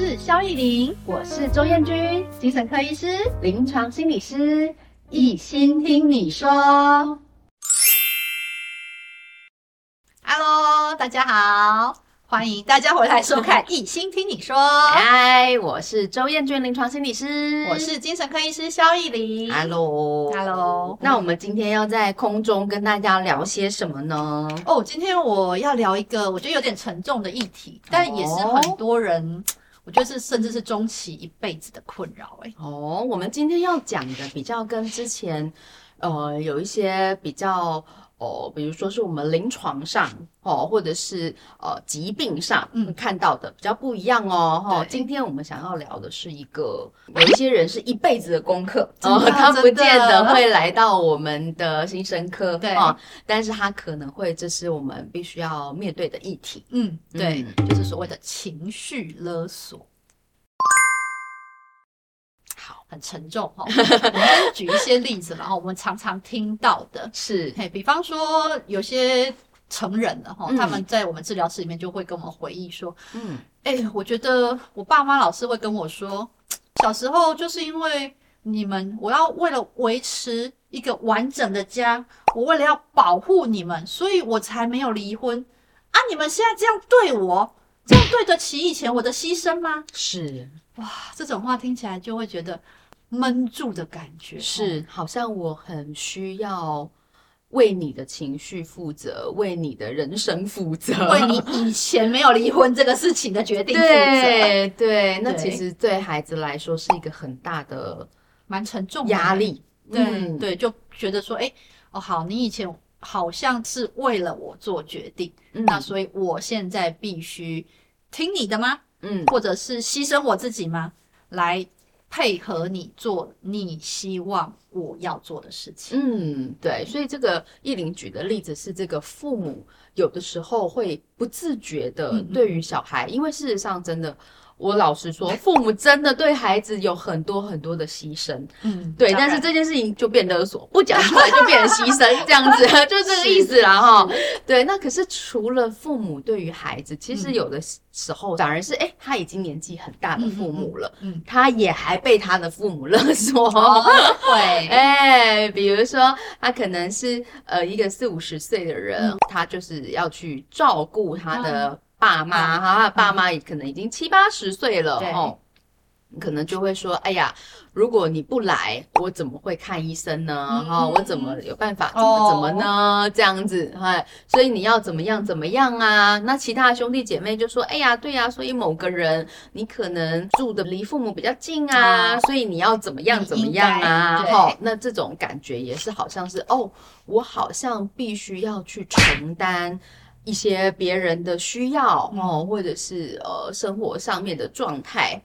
我是蕭亦伶，我是周彥君，精神科醫師、臨床心理師，醫心聽你說。Hello，大家好，歡迎大家回來收看《醫心聽你說》。哎，我是周彥君，臨床心理師，我是精神科醫師蕭亦伶。Hello，Hello，Hello. 那我們今天要在空中跟大家聊些什麼呢？哦、oh,，今天我要聊一個我覺得有點沉重的議題，oh. 但也是很多人。就是，甚至是終其一輩子的困擾、欸，哎。哦，我們今天要講的比較跟之前， 呃，有一些比較。哦，比如說是我們臨床上哦，或者是呃疾病上看到的、嗯、比較不一樣哦,哦今天我們想要聊的是一個有一些人是一輩子的功課、 哦，他不見得會來到我們的精神科啊、 哦，但是他可能會這是我們必須要面對的議題。嗯，對，嗯、就是所謂的情緒勒索。很沉重哈、哦， 我們舉一些例子嘛。然後我們常常聽到的是，嘿，比方說有些成人了、哦、哈、嗯，他們在我們治療室裡面就會跟我們回憶說，嗯，誒、欸，我覺得我爸媽老是會跟我說，小時候就是因為你們，我要為了維持一個完整的家，我為了要保護你們，所以我才沒有離婚啊。你們現在這樣對我，這樣對得起以前我的犧牲嗎？是，哇，這種話聽起來就會覺得。悶住的感覺是，好像我很需要為你的情緒負責，為你的人生負責，為你以前沒有離婚這個事情的決定負責 對。對，那其實對孩子來說是一個很大的、蠻沉重的壓力，力。對、嗯，對，就覺得說，哎、欸，哦，好，你以前好像是為了我做決定，嗯、那所以我現在必須聽你的嗎？嗯，或者是犧牲我自己嗎？來。配合你做你希望我要做的事情。嗯，對，所以這個亦伶舉的例子是，這個父母有的時候會不自覺的對於小孩嗯嗯，因為事實上真的。我老實說，父母真的對孩子有很多很多的犧牲，嗯，對。但是這件事情就變勒索，不講出來就變成犧牲，這樣子 就這個意思啦齁。哈。對，那可是除了父母對於孩子，其實有的時候反而是，哎、欸，他已經年紀很大的父母了、嗯嗯，他也還被他的父母勒索，哦、對誒、欸、比如說他可能是呃一個四五十歲的人、嗯，他就是要去照顧他的、啊。爸媽哈、嗯，爸媽可能已經七八十歲了哈，哦、可能就會說：“哎呀，如果你不來，我怎麼會看醫生呢？哈、嗯，我怎麼有辦法怎麼、哦、怎麼呢？這樣子哈，所以你要怎麼樣怎麼樣啊？嗯、那其他的兄弟姐妹就說：哎呀，對呀、啊，所以某個人你可能住得離父母比較近啊、嗯，所以你要怎麼樣怎麼樣啊？哦、那這種感覺也是好像是哦，我好像必須要去承擔。”一些別人的需要哦，或者是呃生活上面的狀態，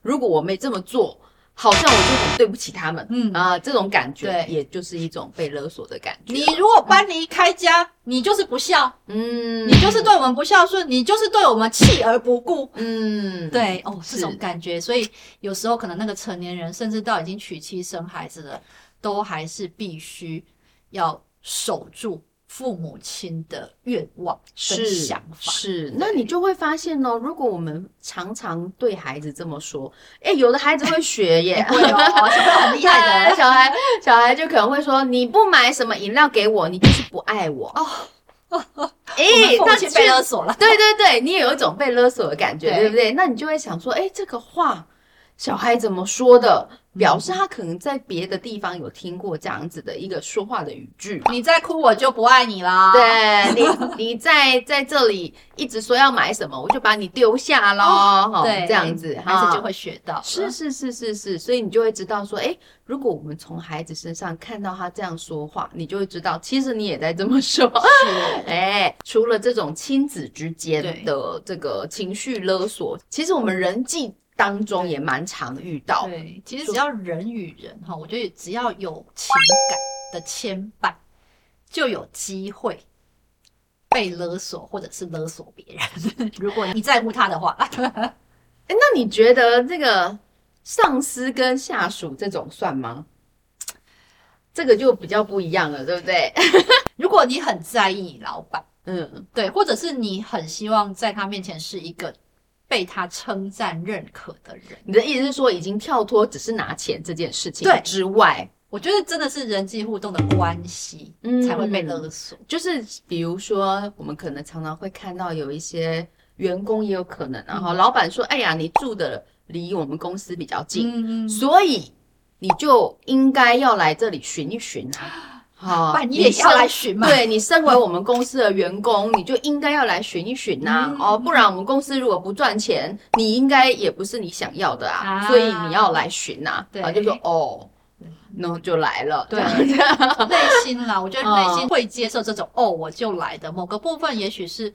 如果我沒這麼做，好像我就很對不起他們，嗯啊，這種感覺，也就是一種被勒索的感覺。你如果搬離開家，嗯，你就是不孝，嗯，你就是對我們不孝順，你就是對我們棄而不顧，嗯，對，哦，這種感覺。所以有時候可能那個成年人，甚至到已經娶妻生孩子了，都還是必須要守住。父母親的願望，是想法是，是，那你就會發現呢。如果我們常常對孩子這麼說，誒，有的孩子會學耶，會 哦，小孩很厲害的， 小孩小孩就可能會說，你不買什麼飲料給我，你就是不愛我哦。哎 欸，他去被勒索了，對對對，你也有一種被勒索的感覺， 對不對，對，對？那你就會想說，哎，這個話。小孩怎麼說的？表示他可能在別的地方有聽過這樣子的一個說話的語句。你再哭，我就不愛你了。對你，你在在這裡一直說要買什麼，我就把你丟下咯。哦、好對，這樣子，孩、欸、子就會學到，嗯。是是是是是，所以你就會知道說，誒、欸，如果我們從孩子身上看到他這樣說話，你就會知道，其實你也在這麼說。誒、欸，除了這種親子之間的這個情緒勒索，其實我們人際、哦。當中也蠻常遇到的，對，對，其實只要人與人哈，我覺得只要有情感的牽絆，就有機會被勒索或者是勒索別人。 如果你在乎他的話，哎， 那你覺得這個上司跟下屬這種算嗎？這個就比較不一樣了，對不對？ 如果你很在意你老板，嗯，對，或者是你很希望在他面前是一個。被他稱讚認可的人，你的意思是說已經跳脫只是拿錢這件事情對之外，我覺得真的是人際互動的關係才會被勒索。嗯、就是比如說，我們可能常常會看到有一些員工也有可能啊，哈、嗯，然後老板說：“哎呀，你住的離我們公司比較近，嗯、所以你就應該要來這裡巡一巡他、啊好你也要來尋嘛？對，你身為我們公司的員工， 你就應該要來尋一尋吶、啊嗯。哦，不然我們公司如果不賺錢，你應該也不是你想要的啊。啊所以你要來尋吶、啊。對，就說哦，然後就來了。對，對對 內心啦，我覺得內心、哦、會接受這種哦，我就來的某個部分，也許是。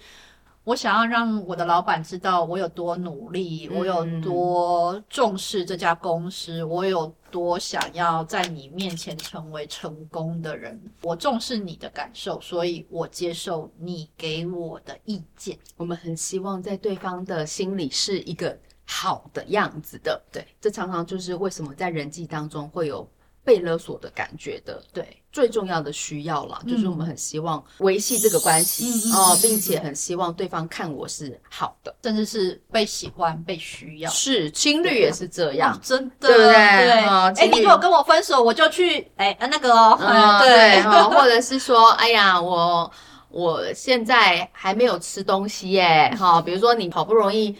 我想要讓我的老闆知道我有多努力、嗯，我有多重視這家公司、嗯，我有多想要在你面前成為成功的人。我重視你的感受，所以我接受你給我的意見。我們很希望在對方的心裡是一個好的樣子的，對。這常常就是為什麼在人際當中會有。被勒索的感覺的，對，最重要的需要了、嗯，就是我們很希望維繫這個關係、嗯、哦，並且很希望對方看我是好的， 甚至是被喜歡、 被需要。是情侶也是這樣，哦、真的對對？哎、嗯欸，你如果跟我分手，我就去哎、欸啊，那個哦，嗯、對、嗯對嗯，或者是說 哎呀，我我現在還沒有吃東西耶，好、哦，比如說你好不容易。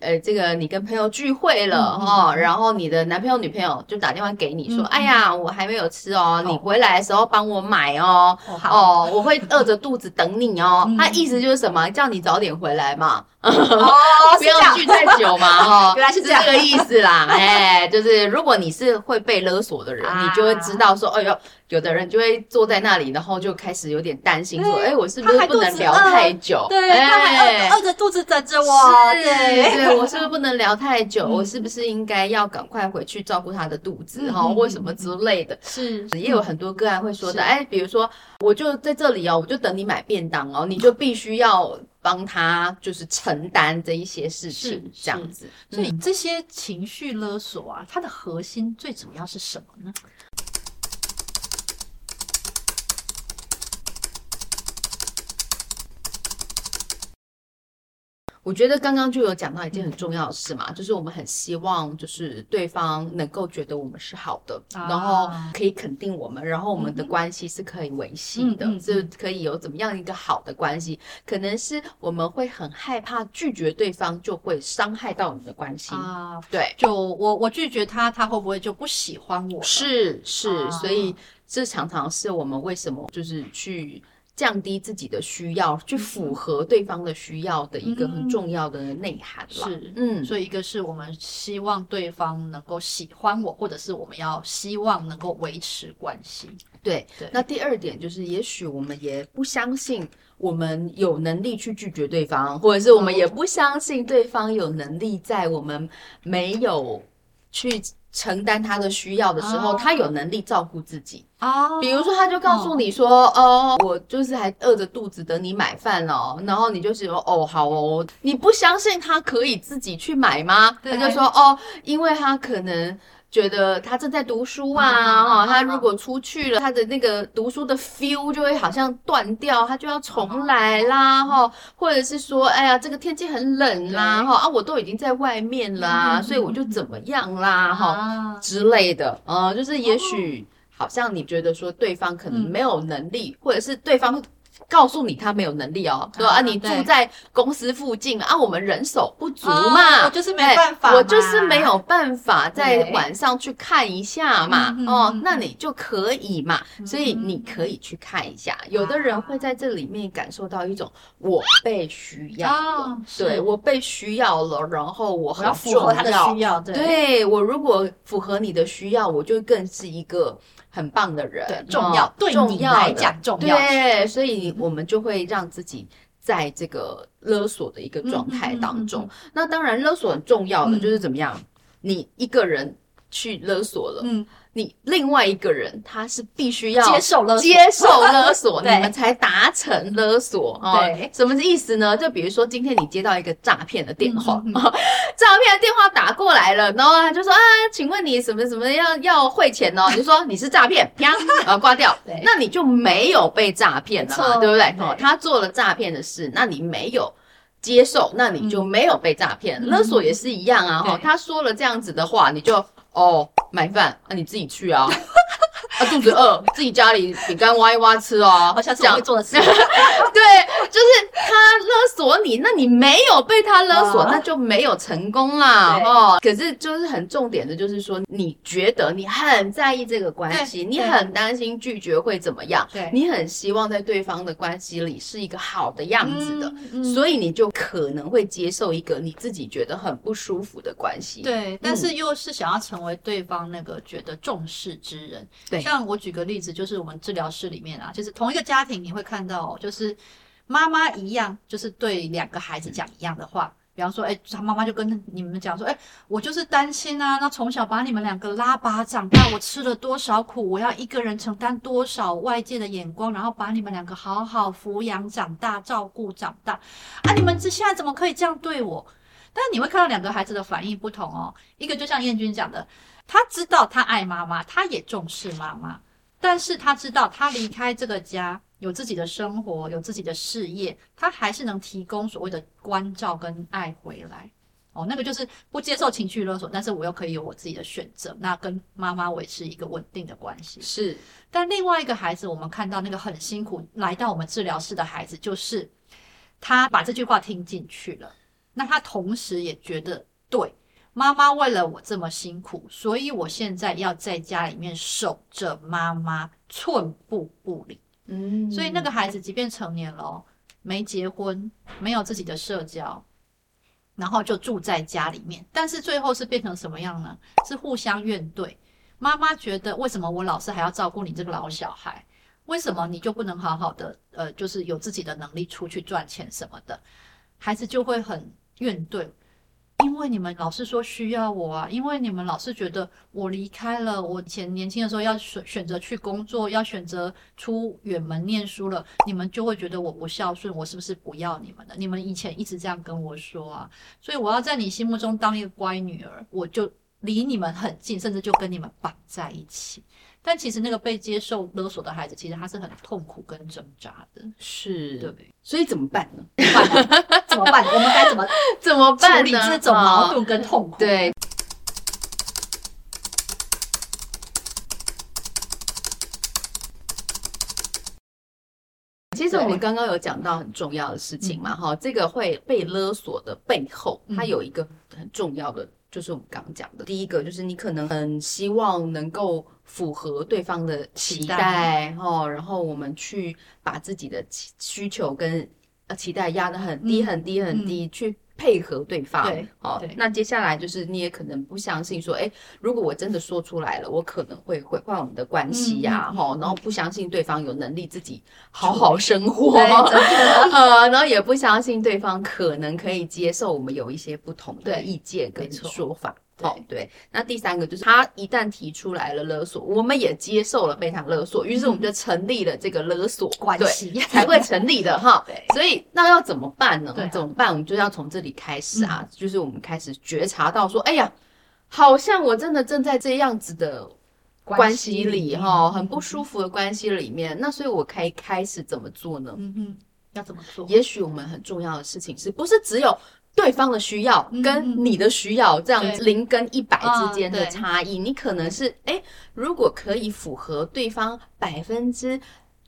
呃，這個你跟朋友聚會了、嗯、哦，然後你的男朋友、女朋友就打電話給你說：“嗯、哎呀，我還沒有吃哦，哦，你回來的時候幫我買哦。哦哦”哦，我會餓着肚子等你哦。他、嗯、意思就是什麼？叫你早點回來嘛，哦 哦、不要聚太久嘛。哦，原 來、哦、 是這個意思啦。哎， 就是如果你是會被勒索的人、啊，你就會知道說：“哎呦，有的人就會坐在那裡，然後就開始有點擔心說：‘哎、欸欸，我是不是不能聊太久？’對，欸、他還餓着肚子等着我。”是。對 對，我是不是不能聊太久？嗯、我是不是應該要趕快回去照顧他的肚子啊、哦嗯，或什麼之類的、嗯？是，也有很多個案會說的，嗯、哎，比如說我就在這裡哦，我就等你買便當哦，嗯、你就必須要幫他就是承擔這一些事情，這樣子。嗯、所以這些情緒勒索啊，它的核心最主要是什麼呢？我覺得剛剛就有講到一件很重要的事嘛、嗯，就是我們很希望就是對方能夠覺得我們是好的、啊，然後可以肯定我們，然後我們的關係是可以維繫的，是、嗯、可以有怎麼樣一個好的關係。可能是我們會很害怕拒絕對方，就會傷害到我們的關係。啊、對，就我我拒絕他，他會不會就不喜歡我？是是、啊，所以這常常是我們為什麼就是去。降低自己的需要，去符合對方的需要的一個很重要的內涵。是，嗯是，所以一個是我們希望對方能夠喜歡我，或者是我們要希望能夠維持關係。對對，那第二點就是，也許我們也不相信我們有能力去拒絕對方，或者是我們也不相信對方有能力在我們沒有去。承擔他的需要的時候，oh. 他有能力照顧自己啊。Oh. 比如說，他就告訴你說：“ oh. 哦，我就是還餓着肚子等你買飯哦。”然後你就是說：“哦，好哦。”你不相信他可以自己去買嗎？Oh. 他就說：“ oh. 哦，因為他可能。”覺得他正在讀書啊，哈、uh -huh, 哦，他如果出去了，uh -huh. 他的那個讀書的 feel 就會好像斷掉，他就要重來啦，哈、uh -huh.，或者是說，哎呀，這個天氣很冷啦、啊，哈、uh -huh.，啊，我都已經在外面啦，uh -huh. 所以我就怎麼樣啦，哈、uh -huh. 哦、之類的，嗯，就是也許好像你覺得說對方可能沒有能力，uh -huh. 或者是對方。告訴你他沒有能力哦，啊對啊，你住在公司附近啊，我們人手不足嘛，oh, 我就是沒辦法，我就是沒有辦法在晚上去看一下嘛，嗯嗯嗯、哦、嗯，那你就可以嘛、嗯，所以你可以去看一下、嗯。有的人會在這裡面感受到一種我被需要、啊，對我被需要了，然後我很符合他的需要，對，對，我如果符合你的需要，我就更是一個很棒的人，對對嗯、重要對你來講重要，對，所以。我們就會讓自己在這個勒索的一個狀態當中，嗯嗯嗯嗯嗯。那當然，勒索很重要的就是怎麼樣？嗯，你一個人去勒索了。嗯你另外一個人，他是必須要接受了，接受勒索，勒索 你們才達成勒索，對、哦、對。什麼意思呢？就比如說，今天你接到一個詐騙的電話，詐、嗯、騙、哦、的電話打過來了，然後他就說啊，請問你什麼什麼要要匯錢呢？ 你就說你是詐騙，啪啊掛掉，那你就沒有被詐騙了，對不對？哦，他做了詐騙的事，那你沒有接受，那你就沒有被詐騙、嗯。勒索也是一樣啊、嗯，他說了這樣子的話，你就哦。買飯，那、啊、你自己去啊。 肚子餓，自己家裡餅乾挖一挖吃哦、啊。下次會做的。 對，就是他勒索你，那你沒有被他勒索，uh, 那就沒有成功啦。哦，可是就是很重點的，就是說你覺得你很在意這個關係，你很擔心拒絕會怎麼樣？對，你很希望在對方的關係裡是一個好的樣子的、嗯，所以你就可能會接受一個你自己覺得很不舒服的關係。對、嗯，但是又是想要成為對方那個覺得重視之人。對。像我舉個例子，就是我們治療室裡面啊，就是同一個家庭，你會看到、哦，就是媽媽一樣，就是對兩個孩子講一樣的話。嗯、比方說，哎、欸，她媽媽就跟你們講說，哎、欸，我就是單親啊，那從小把你們兩個拉拔長大，我吃了多少苦，我要一個人承擔多少外界的眼光，然後把你們兩個好好撫養長大、照顧長大啊！你們這現在怎麼可以這樣對我？但你會看到兩個孩子的反應不同哦，一個就像彥君講的。他知道他愛媽媽，他也重視媽媽，但是他知道他離開這個家，有自己的生活，有自己的事業，他還是能提供所謂的關照跟愛回來。哦，那個就是不接受情緒勒索，但是我又可以有我自己的選擇，那跟媽媽維持一個穩定的關係。是，但另外一個孩子，我們看到那個很辛苦來到我們治療室的孩子，就是他把這句話聽進去了，那他同時也覺得對。媽媽為了我這麼辛苦，所以我現在要在家裡面守着媽媽，寸步不離。嗯，所以那個孩子即便成年了，哦，沒結婚，沒有自己的社交，然後就住在家裡面，但是最後是變成什麼樣呢？是互相怨懟。媽媽覺得為什麼我老是還要照顧你這個老小孩？為什麼你就不能好好的？呃，就是有自己的能力出去賺錢什麼的？孩子就會很怨懟。因為你們老是說需要我啊，因為你們老是覺得我離開了，我以前年輕的時候要選選擇去工作，要選擇出遠門念書了，你們就會覺得我不孝順，我是不是不要你們了？你們以前一直這樣跟我說啊，所以我要在你心目中當一個乖女兒，我就，離你們很近，甚至就跟你們綁在一起。但其實那個被接受勒索的孩子，其實他是很痛苦跟掙扎的。是。對，所以怎麼辦呢？ 怎麼辦？ 我們該怎麼怎麼辦處理這種矛盾跟痛苦？對。其實我們剛剛有講到很重要的事情嘛，哈、嗯，這個會被勒索的背後，嗯、它有一個很重要的。就是我們剛剛講的，第一個就是你可能很希望能夠符合對方的期待，期待哦，然後我們去把自己的需求跟期待壓得很低很低很低、嗯、去。配合對方，好、哦。那接下來就是你也可能不相信說，誒，如果我真的說出來了，我可能會毀壞我們的關係呀、啊，哈、嗯。然後不相信對方有能力自己好好生活，呃， 然後也不相信對方可能可以接受我們有一些不同的意見跟說法。哦，對，那第三個就是他一旦提出來了勒索，我們也接受了被他勒索，於是我們就成立了這個勒索、嗯、關係，才會成立的、嗯、哈，對。所以那要怎麼辦呢？對、啊？怎麼辦？我們就要從這裡開始啊，嗯、就是我們開始覺察到說、嗯，哎呀，好像我真的正在這樣子的關係裡哈、哦嗯，很不舒服的關係裡面。那所以我可以開始怎麼做呢？嗯嗯，要怎麼做？也許我們很重要的事情，是不是只有？對方的需要跟你的需要這樣零跟一百之間的差異，嗯啊、你可能是誒，如果可以符合對方百分之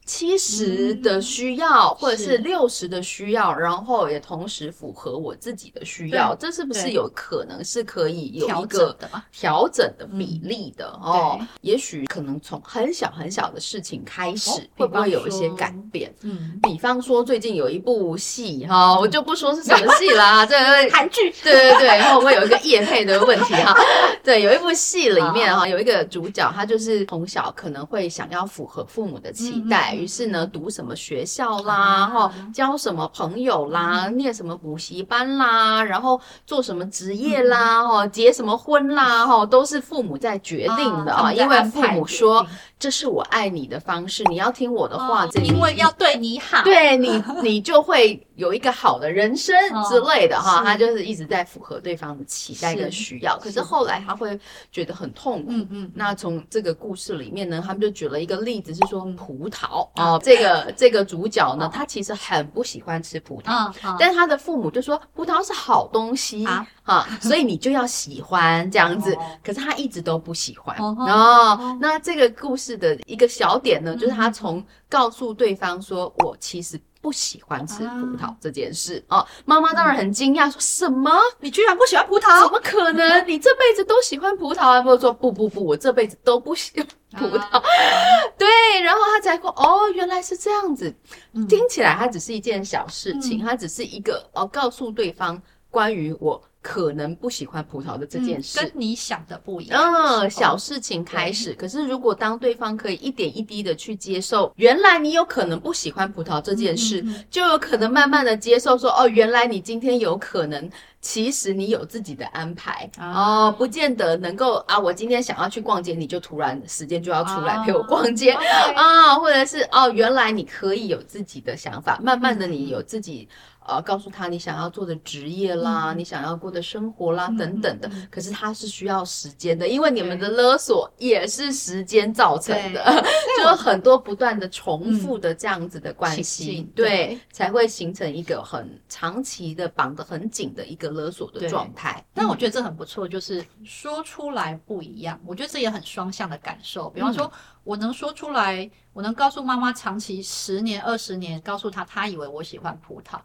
七十的需要、嗯、或者是六十的需要，然後也同時符合我自己的需要，這是不是有可能是可以有一個調整的比例的、嗯、哦？也許可能從很小很小的事情開始，會不會有一些改變、哦？嗯，比方說最近有一部戲哈、哦嗯，我就不說是什麼戲啦，這、嗯、 韓劇，對對對，然後我會有一個業配的問題哈？ 對，有一部戲裡面哈、哦哦，有一個主角，他就是從小可能會想要符合父母的期待。嗯於是呢，讀什麼學校啦，哈，交什麼朋友啦，uh -huh. 念什麼補習班啦，然後做什麼職業啦，哈、uh -huh.，結什麼婚啦，哈，都是父母在決定的啊，uh -huh. 因為父母說、uh -huh. 這是我愛你的方式，你要聽我的話，uh -huh. 這因為要對你好，對你，你就會。 有一個好的人生之類的哈、oh, 啊，他就是一直在符合對方的期待跟需要，可是後來他會覺得很痛苦。嗯嗯。那從這個故事裡面呢，他們就舉了一個例子，是說葡萄啊，這個這個主角呢，oh. 他其實很不喜歡吃葡萄、oh. 但是他的父母就說葡萄是好東西、oh. 啊，所以你就要喜歡這樣子。Oh. 可是他一直都不喜歡哦。Oh. Oh. 那這個故事的一個小點呢，就是他從告訴對方說、oh. 我其實。不喜歡吃葡萄這件事啊、哦，媽媽當然很驚訝、嗯，說什麼？你居然不喜歡葡萄？怎麼可能？嗯、你這輩子都喜歡葡萄啊？我 說不不不，我這輩子都不喜歡葡萄。啊、 對，然後他才說，哦，原來是這樣子。嗯、聽起來，他只是一件小事情，他、嗯、只是一個哦，告訴對方關於我。可能不喜歡葡萄的這件事，嗯、跟你想的不一樣。嗯，小事情開始，可是如果當對方可以一點一滴的去接受，原來你有可能不喜歡葡萄這件事，嗯、就有可能慢慢的接受說，嗯、哦，原來你今天有可能。其實你有自己的安排、啊、哦，不見得能夠啊。我今天想要去逛街，你就突然時間就要出來陪我逛街啊，啊，或者是哦，原來你可以有自己的想法。慢慢的，你有自己、嗯、呃，告訴他你想要做的職業啦、嗯，你想要過的生活啦、嗯、等等的。可是他是需要時間的，因為你們的勒索也是時間造成的， 就很多不斷的重複的這樣子的關係、嗯，對，才會形成一個很長期的綁得很緊的一個。勒索的狀態，但我覺得這很不錯、嗯，就是說出來不一樣。我覺得這也很雙向的感受。比方說，我能說出來，嗯、我能告訴媽媽，長期十年、二十年，告訴她，她以為我喜歡葡萄。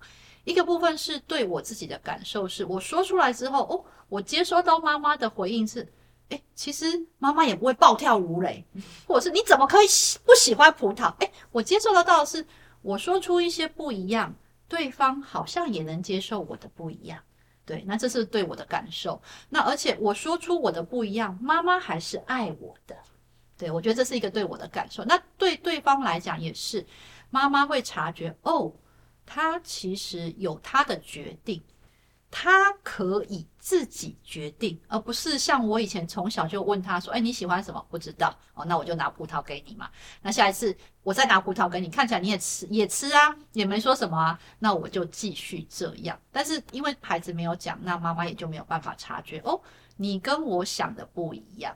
一個部分是對我自己的感受是，是我說出來之後，哦，我接收到媽媽的回應是，哎、欸，其實媽媽也不會暴跳如雷，或是你怎麼可以不喜歡葡萄？哎、欸，我接受得到的是，我說出一些不一樣，對方好像也能接受我的不一樣。對，那這是對我的感受。那而且我說出我的不一樣，媽媽還是愛我的。對，我覺得這是一個對我的感受。那對對方來講也是，媽媽會察覺哦，他其實有他的決定。他可以自己決定，而不是像我以前從小就問他說：“哎，你喜歡什麼？”不知道哦，那我就拿葡萄給你嘛。那下一次我再拿葡萄給你，看起來你也吃也吃啊，也沒說什麼啊。那我就繼續這樣。但是因為孩子沒有講，那媽媽也就沒有辦法察覺哦，你跟我想的不一樣。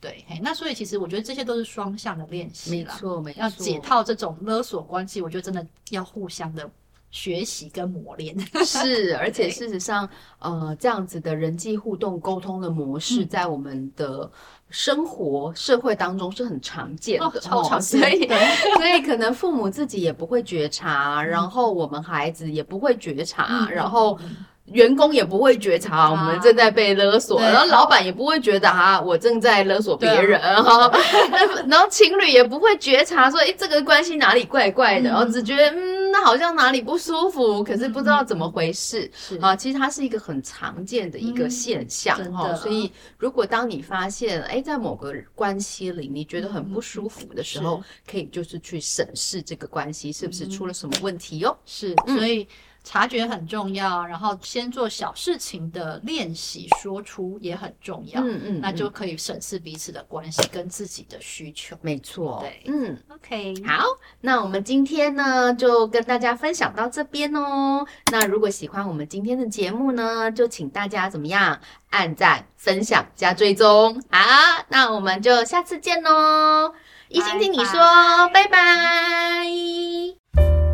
對嘿，那所以其實我覺得這些都是雙向的練習啦。沒錯，沒錯。要解套這種勒索關係，我覺得真的要互相的。學習跟磨練 是，而且事實上，呃，這樣子的人際互動溝通的模式、嗯，在我們的生活社會當中是很常見的，哦、超常見的，所以，所以可能父母自己也不會覺察，嗯、然後我們孩子也不會覺察，嗯、然後員工也不會覺察，啊、我們正在被勒索，然後老闆也不會覺得啊，我正在勒索別人，哦、 然後情侶也不會覺察說，哎、欸，這個關係哪裡怪怪的，嗯、然後只覺得嗯。真的好像哪裡不舒服，可是不知道怎麼回事。嗯、是啊，其實它是一個很常見的一個現象哈、嗯哦。所以，如果當你發現誒、欸，在某個關係裡你覺得很不舒服的時候，嗯、可以就是去審視這個關係是不是出了什麼問題喲、哦嗯。是，所以。嗯察覺很重要，然後先做小事情的練習，說出也很重要。嗯嗯,嗯，那就可以審視彼此的關係跟自己的需求。沒錯。對。嗯。OK。好，那我們今天呢就跟大家分享到這邊哦。那如果喜歡我們今天的節目呢，就請大家怎麼樣？按讚、分享、加追蹤。好，那我們就下次見嘍。Bye、醫心聽你說，bye、拜拜。Bye bye 拜拜